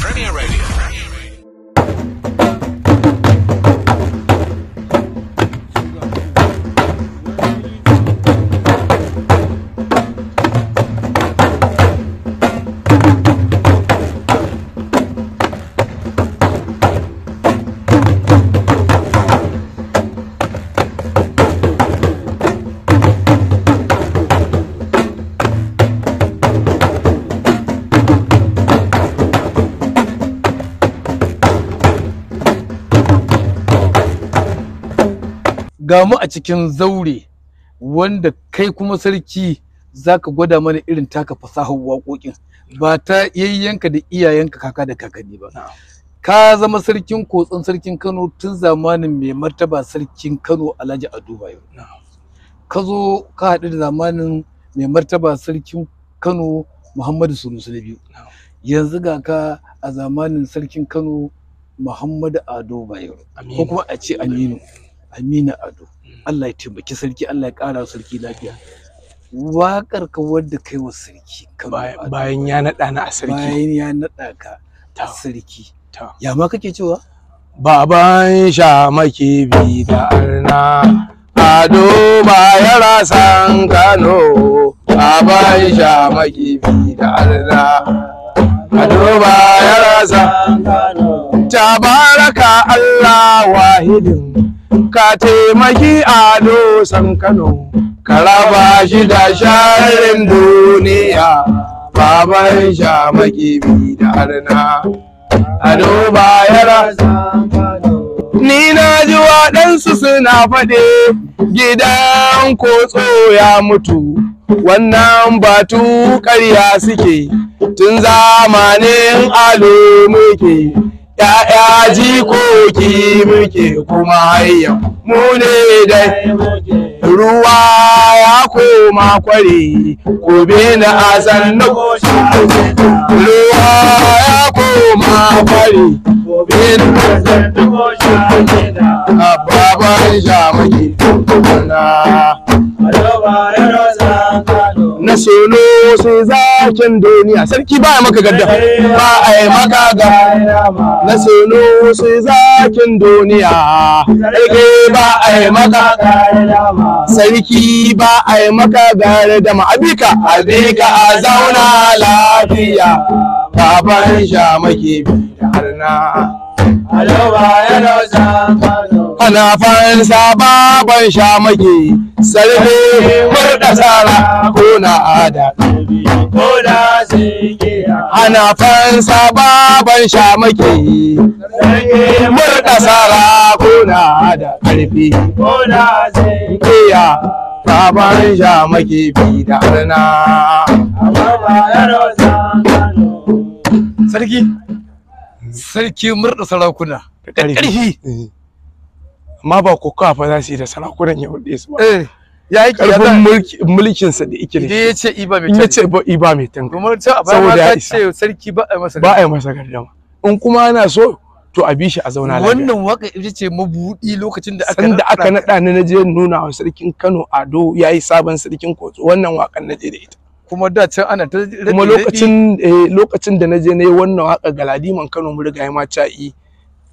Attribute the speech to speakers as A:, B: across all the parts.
A: Premier Radio. ga mu a cikin zaure wanda kai kuma sarki za ka gwada mana irin taka fasahar waƙoƙin ba ta yayyanka da iyayenka kaka da kakanni ba ka zama sarkin kotsin sarkin kano tun zamanin mai martaba sarkin kano alhaji ado bayo ka zo ka haɗu da zamanin mai martaba sarkin kano muhammadu sunusu na biyu yanzu ga ka a zamanin sarkin kano muhammadu ado bayo ko kuma a ce aminu Amina Ado Allah ya taimaki sarki Allah ya ƙara sarki lafiya waƙar ka wadda kai wa sarki
B: bayan ya naɗa na a sarki bayan ya
A: naɗa ka ta sarki
B: ya ma kake cewa baban shamaki bi da arna ado ba ya rasan kano baban shamaki bi da arna ado ba ya rasan kano tabaraka allah wahidin ka taimaki ado san kano
A: ka raba shi da sharin duniya
B: baban shamaki bi da arna ado bayar ni na ji waɗansu suna faɗe gidan kotso ya mutu wannan batu ƙarya suke tun zamanin alo muke ya'ya jikoki muke kuma hayya mu ne dai ruwa ya koma kwari gobe na asan na ruwa ya koma kwari be na asan na baban shamaki na solo sai zakin duniya sarki ba maka gadda ba a yi maka ga na solo sai zakin duniya sarki ba a yi maka sarki ba a yi maka gare da ma'abika abika a zauna lafiya baban shamaki har na Ana ban baban shamaki, sarfi murda sara kuna ada. Ana ban baban shamaki, sarfi murda sara kuna ada. Karfi, ban sha shamaki bi da arna. Sarki. sarki murda sarakuna da ƙarfi eh. amma ba ku kafa za su yi da sarakunan ya hulɗe su ba eh. ya yi ƙarfin mulkin sa da yake da ya ce iba mai ya ce iba mai tanka kuma ta a baya ce sarki ba a masa ba a masa gardama in kuma ana so to a bi shi a zauna lafiya
A: wannan waka ita ce mabudi lokacin
B: da aka sanda aka nada ni naje nuna wa sarkin Kano Ado yayi sabon sarkin Kotso wannan wakan naje da ita kuma da can ana ta kuma lokacin eh, lokacin da naje ne wannan galadi galadiman Kano mu riga ma yi,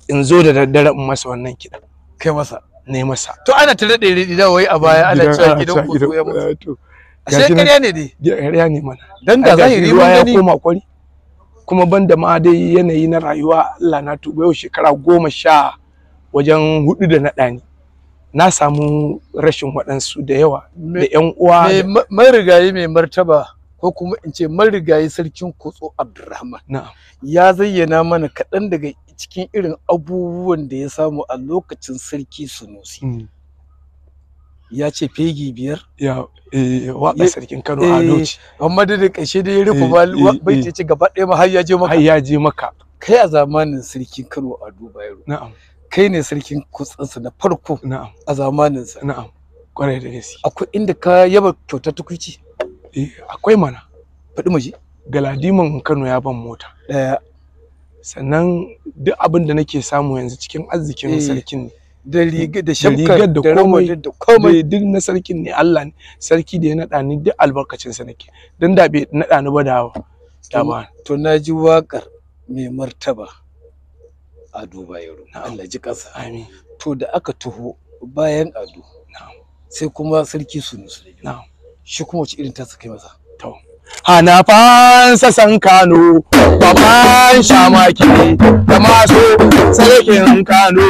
B: in zo da daddare in masa wannan kiɗa kai masa ne masa
A: to ana ta rade rade da wai a baya ana cewa gidan ku ya
B: mutu eh, ashe ƙarya ne dai kariya ne mana dan da yi mun gani koma kwari kuma banda ma dai yanayi na rayuwa Allah na tuba yau shekara goma sha wajen hudu da na ɗani na samu rashin waɗansu da yawa da yan uwa
A: Mai mai martaba ko kuma in ce rigayi sarkin kotso abdurrahman ya zayyana mana kaɗan daga cikin irin abubuwan da ya samu a lokacin sarki sunusi mm. ya ce fegi biyar
B: ya eh, waƙa sarkin kano a eh, doci
A: amma da da ƙarshe da ya rufe eh, bai ce ci gaba ɗaya ma har ya je maka har ya je maka kai a zamanin sarkin kano a duba yaro na'am kai ne sarkin kutsinsa
B: na farko a zamaninsa na'am kwarai da gaske akwai inda ka yaba kyauta tukuci. eh akwai mana faɗi mu ji galadiman Kano ya ban mota daya sannan duk abin da nake samu yanzu cikin arzikin eh, sarkin ne da riga da shafkar da komai da komai duk na sarkin ne Allah ne sarki da ya naɗa ni duk albarkacin sa nake dan da bai naɗa ni ba da ba to na ji waƙar
A: mai martaba ado bayero Allah ji kansa to da aka taho bayan ado sai kuma sarki su na'am shi kuma wace irin ta suka masa to
B: hanafan sasan kano baban shamaki da maso sarkin kano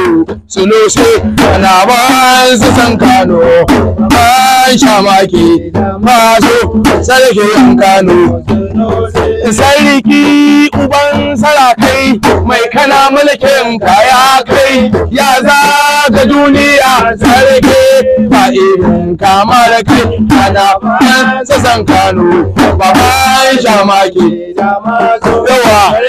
B: sunusu hanafan sasan kano baban shamaki da maso sarkin kano sunusu sarki uban sarakai mai kana mulkin kaya kai ya zaga duniya sarki ba irin kama da kai ana fatan sassan kano ba bayan shamaki yawa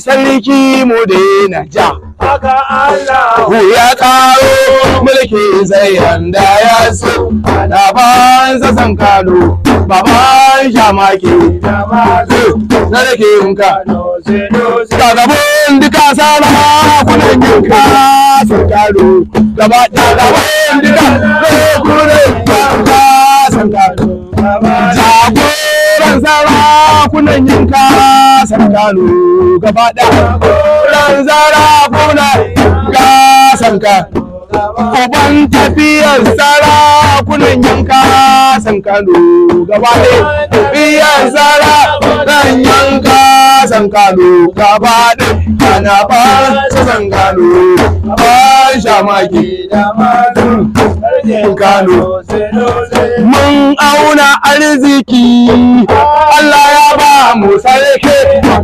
B: sarki mu daina ja haka ya karo mulki zai yanda ya su da ban zazan kano baban shamaki na rike yunka ka gaban duka sana kunan yunka kano da gaban duka kunan yunka sun kano jagoran sana kunan yunka kano gaba ɗaya ran zarafuna kasanka uban tafiyar sarakunan yanka san kano gaba ɗaya tafiyar sarakunan san kano gaba ɗin ana ba ta san ba shamaki da matun kano mun auna arziki Allah ya ba mu sarki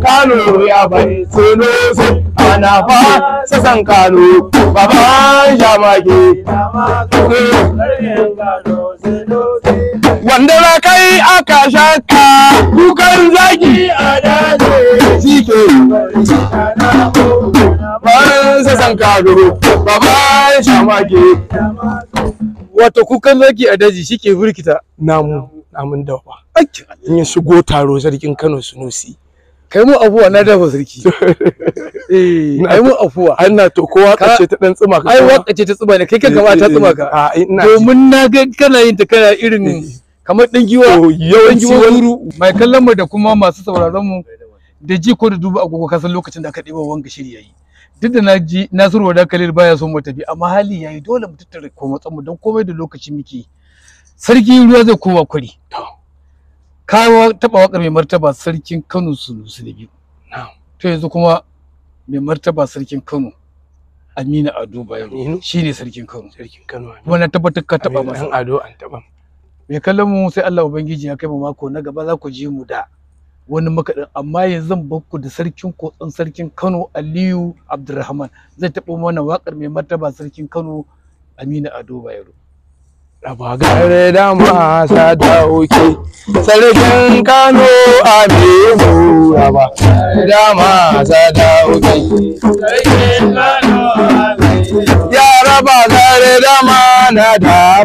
B: kano ya bai sunu su ana ba ta san kano ba ba shamaki da kano wandara kai aka shaka dukan zagi a daji shi ke bayan sassan kado baban shamake wato kukan zagi a daji shi ke burkita namu namun dawa An yi shigo taro sarkin kano sunusi kai mu afuwa na dafa sarki eh ai mu afuwa ana to kowa kace ta dan tsuma ka ai wakace
A: ta tsuma ne kai eh, eh, ka gaba ta tsuma ka
B: domin na ga kana
A: yin ta kana irin eh, kamar ɗan giwa yawanci wani mai kallon mu da kuma masu sauraron mu da ji ko da duba agogo kasan lokacin da aka ɗiba wanga shiri yayi duk da naji Nasiru wa Khalil baya son mu tafi amma hali yayi dole mu tattare ko matsan mu don komai da lokaci muke sarki ruwa zai koma kwari kawo taba wakar mai martaba sarkin Kano su su da biyu to yanzu kuma mai martaba sarkin Kano Amina Ado Bayero shine sarkin Kano sarkin Kano wannan tabbatar ka taba masa Ado an taba mai kallon mu sai Allah ubangiji ya kai mu mako na gaba za ku ji mu da wani makaɗin amma yanzu zan bakku da sarkin kotsan sarkin Kano Aliyu Abdulrahman zai taɓa mana waƙar mai martaba sarkin Kano Aminu Ado Bayero.
B: Rabagare da masa sarkin Kano Aminu sarkin Kano Aminu Ya raba da mana Ya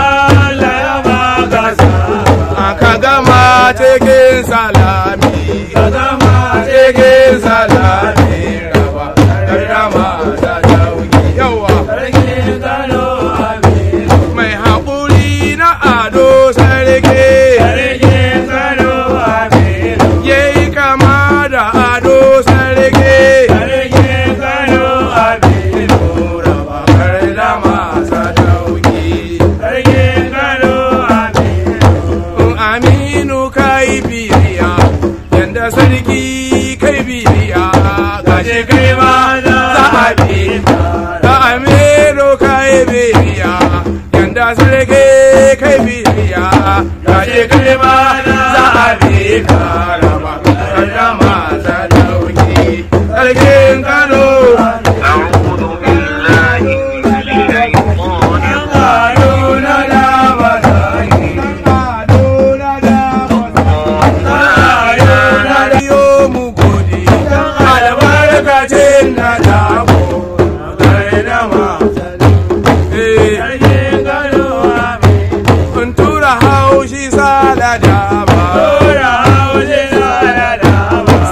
B: take salami. kalima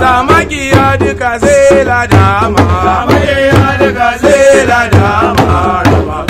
B: ga makiya duka sai ladama ga makiya duka sai ladama